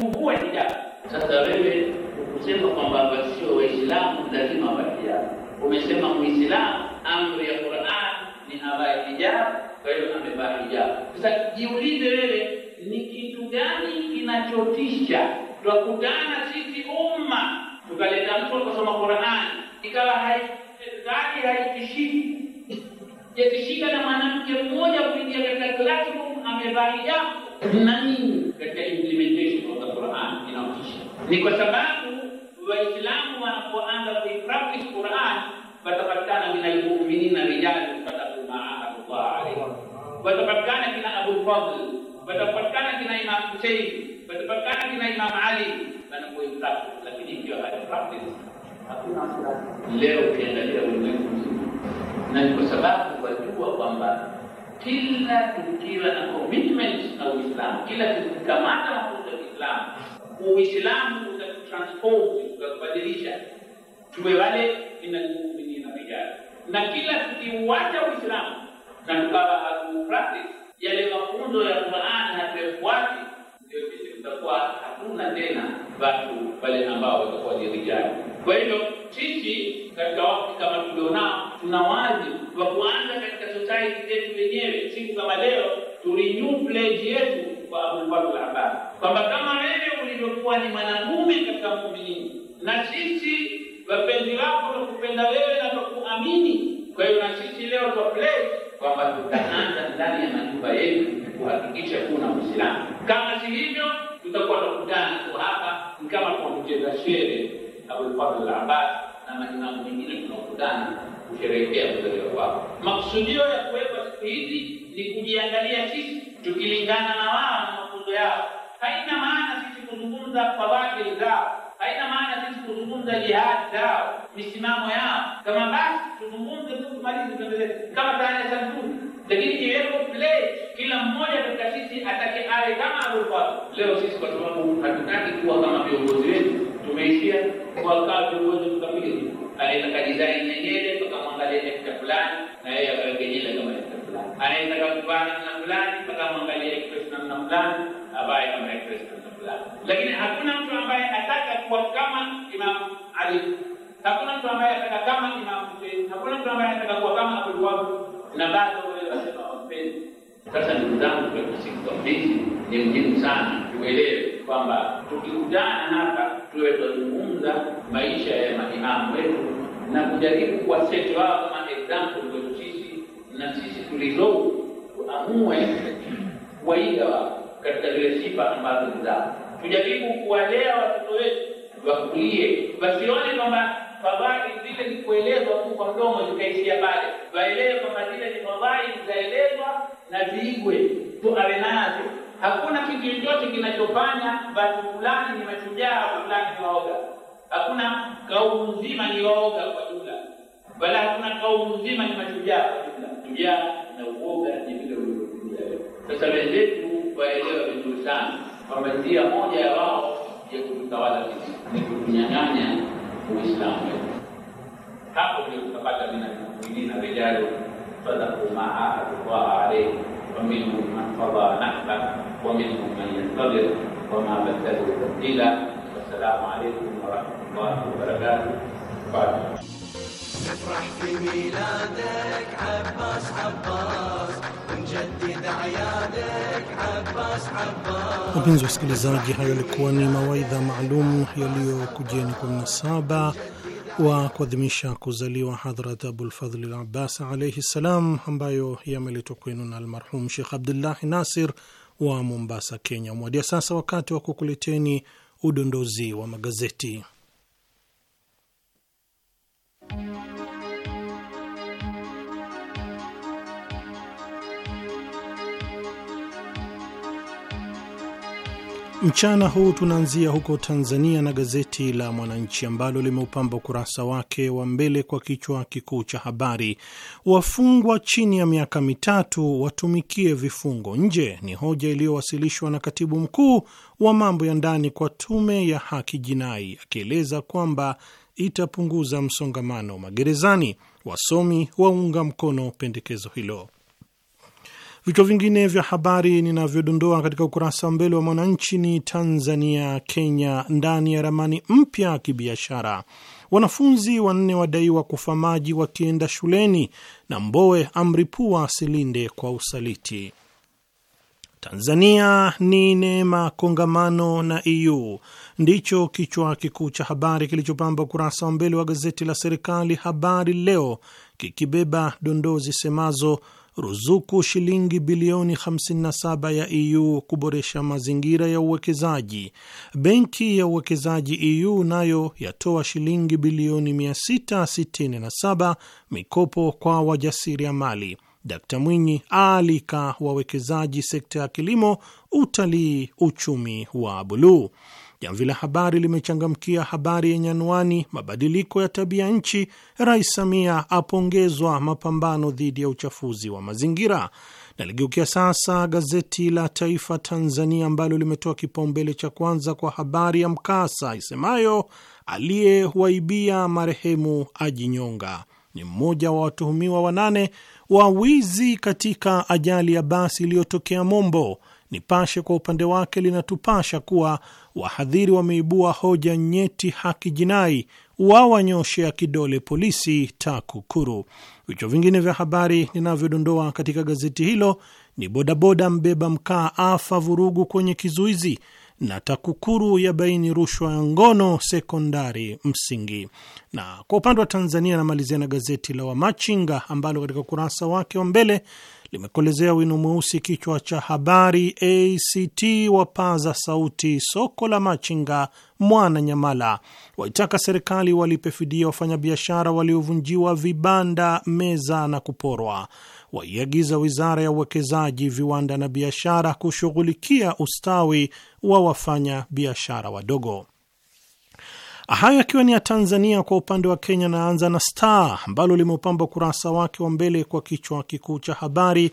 tuvue hijabu. Sasa wewe ukusema kwamba sio Waislamu lazima wavae Umesema Muislamu, amri ya Qur'an ni avae hijab, kwa hiyo amevaa hijab. Sasa jiulize wewe, ni kitu gani kinachotisha? Twakutana sisi umma, tukaleta mtu akasoma Qur'an ikawa haitishiki haitishiki yatishika na mwanamke mmoja kuingia katika classroom amevaa hijab na nini katika implementation of the Qur'an inaotisha ni kwa sababu waislamu wanapoanza kuikrabu lquran watapatikana min almuminina rijalu sadaqu maahadullah watapatikana kina abulfadl watapatikana kina imam husein watapatikana kina imam ali wanapoikrabu lakini hiyo haipractice leo ukiangalia ulimwengu mzima na kwa sababu wajua kwamba kila tukiwa na commitment na Uislamu, kila tukikamata mafunzo ya Uislamu Uislamu utakutransform utakubadilisha, tuwe wale minalmuminina rijala. Na kila tukiuacha Uislamu na tukawa hatupractice yale mafunzo ya Qur'an, hatuyafuati, ndio sisi tutakuwa hatuna tena watu wale ambao watakuwa ni rijala. Kwa hivyo sisi katika wakati kama tulionao, tuna wajibu wa kuanza katika society zetu wenyewe, siku kama leo tulinyu pledge yetu fadhul abad, kwamba kama wewe ulivyokuwa ni mwanamume katika muumini, na sisi wapenzi wako tunakupenda wewe na tunakuamini. Kwa hiyo na sisi leo twaplei kwamba tutaanza ndani ya majumba yetu kuhakikisha kuna Uislamu. Kama si hivyo, tutakuwa tunakutana tu hapa ni kama kwa shere Abul Fadhl Abbas na maimamu mengine tunakutana kusherehekea kuzaliwa kwako. Maksudio ya kuwepo siku hizi ni kujiangalia sisi tukilingana na wao na mafunzo yao. Haina maana sisi kuzungumza fadhili zao, haina maana sisi kuzungumza jihadi zao, misimamo yao. Kama basi tuzungumze tu kumaliza, tuendelee kama sanduku, lakini iwepo play kila mmoja katika sisi atake awe kama alivyokuwa leo. Sisi kwa sababu hatutaki kuwa kama viongozi wetu, tumeishia walkaju uweze kukabiliwa anaweza kajizaini mwenyewe tukamwangalia dakika fulani na yeye akarejelea kama dakika fulani anaweza kakuvaa namna fulani tukamwangalia express namna fulani ambaye kama express namna fulani lakini hakuna mtu ambaye ataka kuwa kama Imam Ali hakuna mtu ambaye ataka kama Imam Hussein hakuna mtu ambaye ataka kuwa kama Abu Waqas na bado wewe unasema wapenzi sasa ndugu zangu, kwa siku hizi ni muhimu sana tuelewe kwamba tukikutana hapa tuwe tunazungumza maisha ya maimamu wetu na kujaribu kuwaseti wao kama example kwetu sisi na sisi tulizou tuamue kuwaiga wao katika zile sifa ambazo ni zao. Tujaribu kuwalea watoto wetu wakulie, wasione kwamba fadhali zile ni kuelezwa tu kwa mdomo zikaishia pale, waelewe kwamba zile ni fadhali zitaelezwa na ziigwe tu awe nazo Hakuna kitu chochote kinachofanya watu fulani ni mashujaa, fulani ni waoga. Hakuna kaumu nzima ni waoga kwa jumla, wala hakuna kaumu nzima ni mashujaa kwa jumla. Shujaa na uoga ni vile ulivyokuja leo. Sasa wenzetu waelewa vizuri sana kwamba njia moja ya wao ya kututawala sisi ni kutunyang'anya Uislamu Hapo ndio tutapata minalmuminina rijalu sadaku ma ahadullah alaihi wa minhum man na nahbah ومنهم من ينتظر وما بدلوا تبديلا والسلام عليكم ورحمه الله وبركاته نفرح في ميلادك عباس عباس ونجدد اعيادك عباس عباس Wapenzi wasikilizaji, hayo yalikuwa ni mawaidha maalum yaliyokujieni kumi na saba wa kuadhimisha kuzaliwa Hadhrat Abulfadhli Labbas alaihi ssalam, ambayo yameletwa kwenu na almarhum Shekh Abdullahi Nasir wa Mombasa, Kenya. Umewadia sasa wakati wa kukuleteni udondozi wa magazeti. Mchana huu tunaanzia huko Tanzania na gazeti la Mwananchi ambalo limeupamba ukurasa wake wa mbele kwa kichwa kikuu cha habari, wafungwa chini ya miaka mitatu watumikie vifungo nje, ni hoja iliyowasilishwa na katibu mkuu wa mambo ya ndani kwa Tume ya Haki Jinai, akieleza kwamba itapunguza msongamano magerezani. Wasomi waunga mkono pendekezo hilo. Vichwa vingine vya habari ninavyodondoa katika ukurasa wa mbele wa Mwananchi ni Tanzania Kenya ndani ya ramani mpya ya kibiashara, wanafunzi wanne wadaiwa kufa maji wakienda shuleni, na Mbowe amripua silinde kwa usaliti. Tanzania ni neema kongamano na EU ndicho kichwa kikuu cha habari kilichopamba ukurasa wa mbele wa gazeti la serikali Habari Leo, kikibeba dondoo zisemazo ruzuku shilingi bilioni 57 ya EU kuboresha mazingira ya uwekezaji. Benki ya uwekezaji EU nayo yatoa shilingi bilioni 667 mikopo kwa wajasiriamali. Dkt Mwinyi aalika wawekezaji sekta ya kilimo, utalii, uchumi wa buluu. Jamvi la Habari limechangamkia habari yenye anwani mabadiliko ya tabia nchi, Rais Samia apongezwa mapambano dhidi ya uchafuzi wa mazingira. Naligeukia sasa gazeti la Taifa Tanzania ambalo limetoa kipaumbele cha kwanza kwa habari ya mkasa isemayo aliyewaibia marehemu ajinyonga. Ni mmoja wa watuhumiwa wanane wa wizi katika ajali ya basi iliyotokea Mombo. Nipashe kwa upande wake linatupasha kuwa wahadhiri wameibua hoja nyeti haki jinai wawanyoshea kidole polisi TAKUKURU. Vichwa vingine vya habari ninavyodondoa katika gazeti hilo ni bodaboda mbeba mkaa afa vurugu kwenye kizuizi na TAKUKURU ya baini rushwa ya ngono sekondari msingi. Na kwa upande wa Tanzania, namalizia na gazeti la Wamachinga ambalo katika ukurasa wake wa mbele limekolezea wino mweusi kichwa cha habari, ACT wapaza sauti soko la machinga mwana nyamala waitaka serikali walipe fidia wafanyabiashara waliovunjiwa vibanda, meza na kuporwa, waiagiza wizara ya uwekezaji, viwanda na biashara kushughulikia ustawi wa wafanya biashara wadogo. Hayo akiwa ni ya Tanzania. Kwa upande wa Kenya, naanza na Star ambalo limeupamba ukurasa wake wa mbele kwa kichwa kikuu cha habari,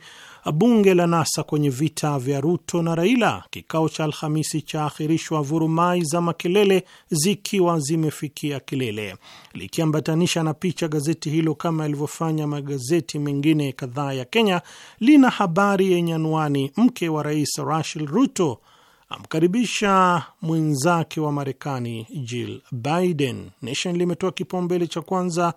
bunge la NASA kwenye vita vya Ruto na Raila, kikao cha Alhamisi cha ahirishwa, vurumai za makelele zikiwa zimefikia kilele, likiambatanisha na picha. Gazeti hilo kama yalivyofanya magazeti mengine kadhaa ya Kenya, lina habari yenye anwani mke wa rais Rachel Ruto amkaribisha mwenzake wa Marekani Jill Biden. Nation limetoa kipaumbele cha kwanza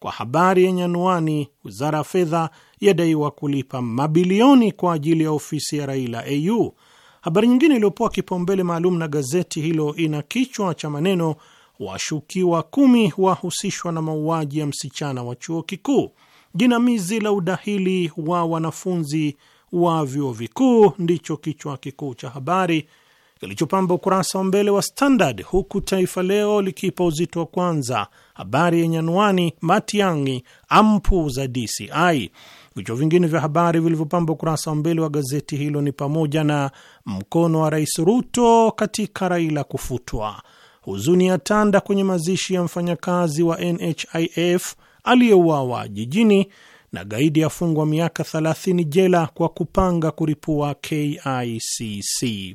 kwa habari yenye anuani, wizara ya fedha yadaiwa kulipa mabilioni kwa ajili ya ofisi ya Raila au habari nyingine iliyopoa kipaumbele maalum na gazeti hilo ina kichwa cha maneno washukiwa kumi wahusishwa na mauaji ya msichana wa chuo kikuu. Jinamizi la udahili wa wanafunzi wa vyuo vikuu ndicho kichwa kikuu cha habari kilichopamba ukurasa wa mbele wa Standard, huku Taifa Leo likipa uzito wa kwanza habari yenye anwani Matiang'i ampu za DCI. Vichwa vingine vya habari vilivyopamba ukurasa wa mbele wa gazeti hilo ni pamoja na mkono wa Rais Ruto katika Raila kufutwa, huzuni ya tanda kwenye mazishi ya mfanyakazi wa NHIF aliyeuawa jijini, na gaidi afungwa miaka 30 jela kwa kupanga kuripua KICC.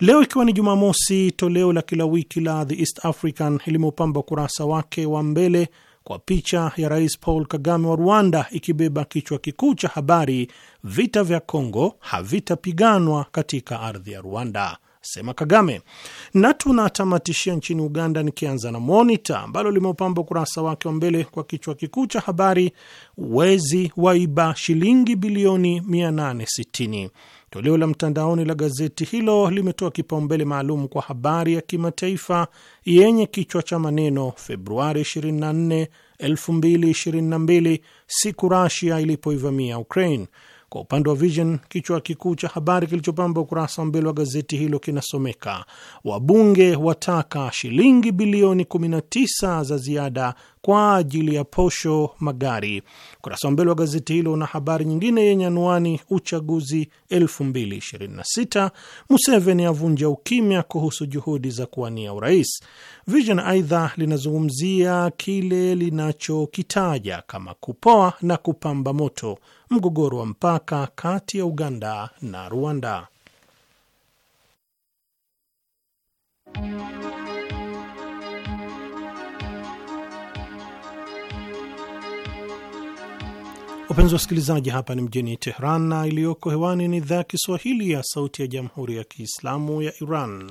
Leo ikiwa ni Jumamosi, toleo la kila wiki la The East African limeupamba ukurasa wake wa mbele kwa picha ya Rais Paul Kagame wa Rwanda, ikibeba kichwa kikuu cha habari, vita vya Kongo havitapiganwa katika ardhi ya Rwanda, sema Kagame. Na tunatamatishia nchini Uganda, nikianza na Monita ambalo limeupamba ukurasa wake wa mbele kwa kichwa kikuu cha habari, wezi waiba shilingi bilioni 860. Toleo la mtandaoni la gazeti hilo limetoa kipaumbele maalum kwa habari ya kimataifa yenye kichwa cha maneno Februari 24, 2022 siku Rasia ilipoivamia Ukraine. Kwa upande wa Vision, kichwa kikuu cha habari kilichopamba ukurasa wa mbele wa gazeti hilo kinasomeka wabunge wataka shilingi bilioni 19 za ziada kwa ajili ya posho magari. Ukurasa wa mbele wa gazeti hilo na habari nyingine yenye anuani uchaguzi 2026 Museveni avunja ukimya kuhusu juhudi za kuwania urais. Vision aidha linazungumzia kile linachokitaja kama kupoa na kupamba moto mgogoro wa mpaka kati ya Uganda na Rwanda. Wapenzi wasikilizaji, hapa ni mjini Tehran na iliyoko hewani ni idhaa ya Kiswahili ya Sauti ya Jamhuri ya Kiislamu ya Iran.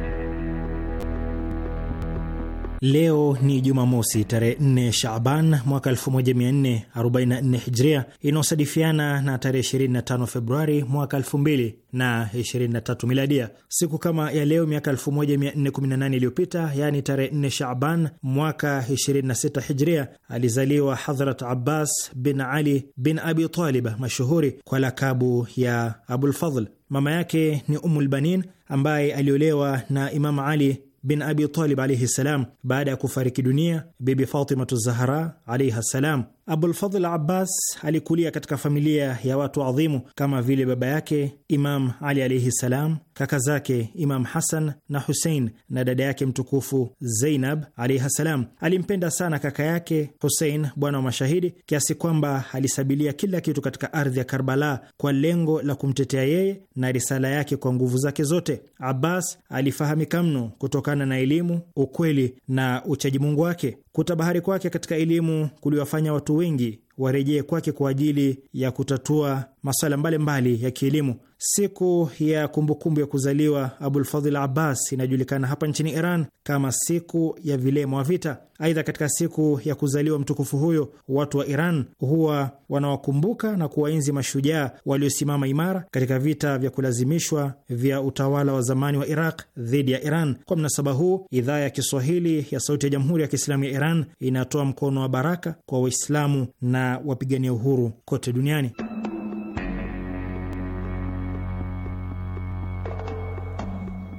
Leo ni Jumamosi tarehe 4 Shaban mwaka 1444 Hijria, inayosadifiana na tarehe 25 Februari mwaka 2023 Miladia. Siku kama ya leo miaka 1418 iliyopita, yaani tarehe 4 Shaban mwaka 26 Hijria, alizaliwa Hadhrat Abbas bin Ali bin Abi Talib, mashuhuri kwa lakabu ya abulfadl Mama yake ni Ummulbanin ambaye aliolewa na Imam Ali bin Abi Talib alaihi ssalam. Baada ya kufariki dunia Bibi Fatimatu Zahra alaiha ssalam, Abulfadl Abbas alikulia katika familia ya watu adhimu kama vile baba yake Imam Ali alaihi ssalam kaka zake Imam Hasan na Husein na dada yake mtukufu Zeinab alaihi ssalam. Alimpenda sana kaka yake Husein, bwana wa mashahidi, kiasi kwamba alisabilia kila kitu katika ardhi ya Karbala kwa lengo la kumtetea yeye na risala yake kwa nguvu zake zote. Abbas alifahamika mno kutokana na elimu, ukweli na uchaji Mungu wake. Kutabahari kwake katika elimu kuliwafanya watu wengi warejee kwake kwa ajili ya kutatua masuala mbalimbali ya kielimu. Siku ya kumbukumbu ya kuzaliwa Abulfadhil Abbas inajulikana hapa nchini Iran kama siku ya vilema wa vita. Aidha, katika siku ya kuzaliwa mtukufu huyo, watu wa Iran huwa wanawakumbuka na kuwaenzi mashujaa waliosimama imara katika vita vya kulazimishwa vya utawala wa zamani wa Iraq dhidi ya Iran. Kwa mnasaba huu, idhaa ya Kiswahili ya Sauti ya Jamhuri ya Kiislamu ya Iran inatoa mkono wa baraka kwa Waislamu na wapigania uhuru kote duniani.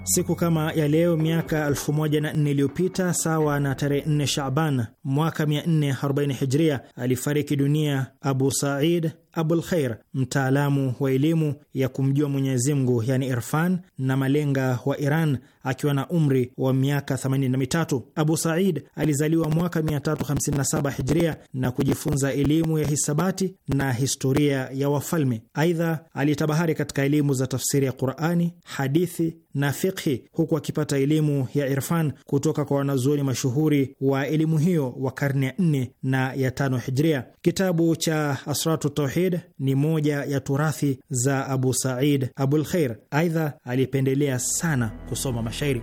Siku kama ya leo miaka 14 iliyopita sawa na tarehe 4 Shaban mwaka 440 Hijria, alifariki dunia Abu Said Abul Khair, mtaalamu wa elimu ya kumjua Mwenyezi Mungu yani irfan na malenga wa Iran, akiwa na umri wa miaka 83. Abu Said alizaliwa mwaka 357 Hijria na kujifunza elimu ya hisabati na historia ya wafalme. Aidha, alitabahari katika elimu za tafsiri ya Qurani, hadithi na fikhi, huku akipata elimu ya irfan kutoka kwa wanazuoni mashuhuri wa elimu hiyo wa karne ya 4 na ya 5 Hijria. Kitabu cha Asratu Tawhid Tawhid ni moja ya turathi za Abu Said Abul Khair. Aidha, alipendelea sana kusoma mashairi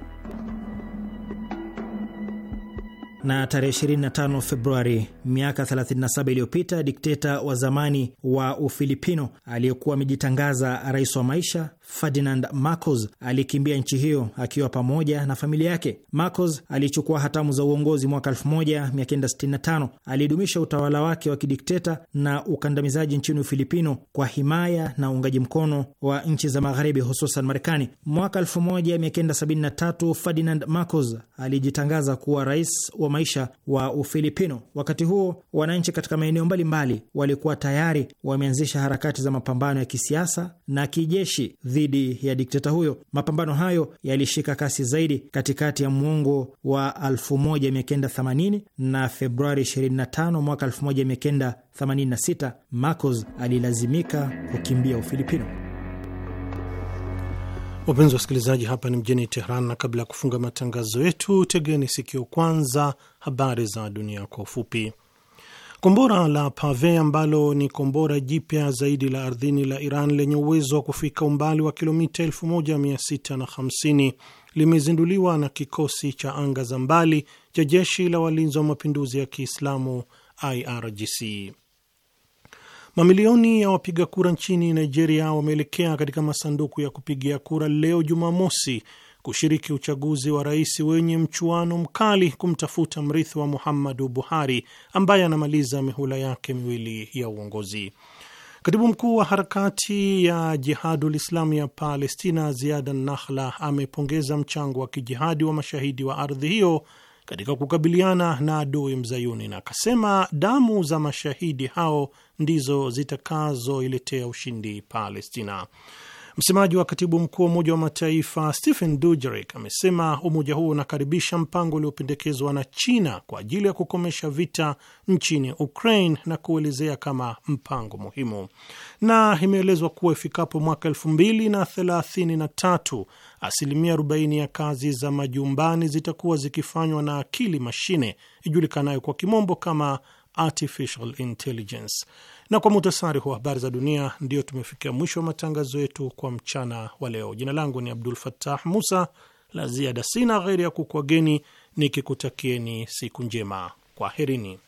na tarehe 25 Februari miaka 37 iliyopita, dikteta wa zamani wa Ufilipino aliyekuwa amejitangaza rais wa maisha Ferdinand Marcos alikimbia nchi hiyo akiwa pamoja na familia yake. Marcos alichukua hatamu za uongozi mwaka 1965. Alidumisha utawala wake wa kidikteta na ukandamizaji nchini Ufilipino kwa himaya na uungaji mkono wa nchi za Magharibi, hususan Marekani. Mwaka 1973 Ferdinand Marcos alijitangaza kuwa rais wa wa maisha wa Ufilipino. Wakati huo, wananchi katika maeneo mbalimbali walikuwa tayari wameanzisha harakati za mapambano ya kisiasa na kijeshi dhidi ya dikteta huyo. Mapambano hayo yalishika kasi zaidi katikati ya muongo wa 1980 na Februari 25 mwaka 1986 Marcos alilazimika kukimbia Ufilipino. Wapenzi wasikilizaji, hapa ni mjini Tehran, na kabla ya kufunga matangazo yetu, tegeni sikio kwanza habari za dunia kwa ufupi. Kombora la Pave ambalo ni kombora jipya zaidi la ardhini la Iran lenye uwezo wa kufika umbali wa kilomita 1650 limezinduliwa na kikosi cha anga za mbali cha jeshi la walinzi wa mapinduzi ya Kiislamu IRGC. Mamilioni ya wapiga kura nchini Nigeria wameelekea katika masanduku ya kupigia kura leo Jumamosi kushiriki uchaguzi wa rais wenye mchuano mkali kumtafuta mrithi wa Muhammadu Buhari ambaye anamaliza mihula yake miwili ya uongozi. Katibu mkuu wa harakati ya Jihadul Islami ya Palestina Ziada Nahla amepongeza mchango wa kijihadi wa mashahidi wa ardhi hiyo katika kukabiliana na adui mzayuni, na akasema damu za mashahidi hao ndizo zitakazoiletea ushindi Palestina. Msemaji wa katibu mkuu wa Umoja wa Mataifa Stephen Dujerik amesema umoja huo unakaribisha mpango uliopendekezwa na China kwa ajili ya kukomesha vita nchini Ukraine na kuelezea kama mpango muhimu, na imeelezwa kuwa ifikapo mwaka elfu mbili na thelathini na tatu asilimia 40 ya kazi za majumbani zitakuwa zikifanywa na akili mashine ijulikanayo kwa kimombo kama artificial intelligence. Na kwa muhtasari wa habari za dunia, ndiyo tumefikia mwisho wa matangazo yetu kwa mchana wa leo. Jina langu ni Abdul Fattah Musa. La ziada sina, ghairi ya kukwageni nikikutakieni siku njema. Kwaherini.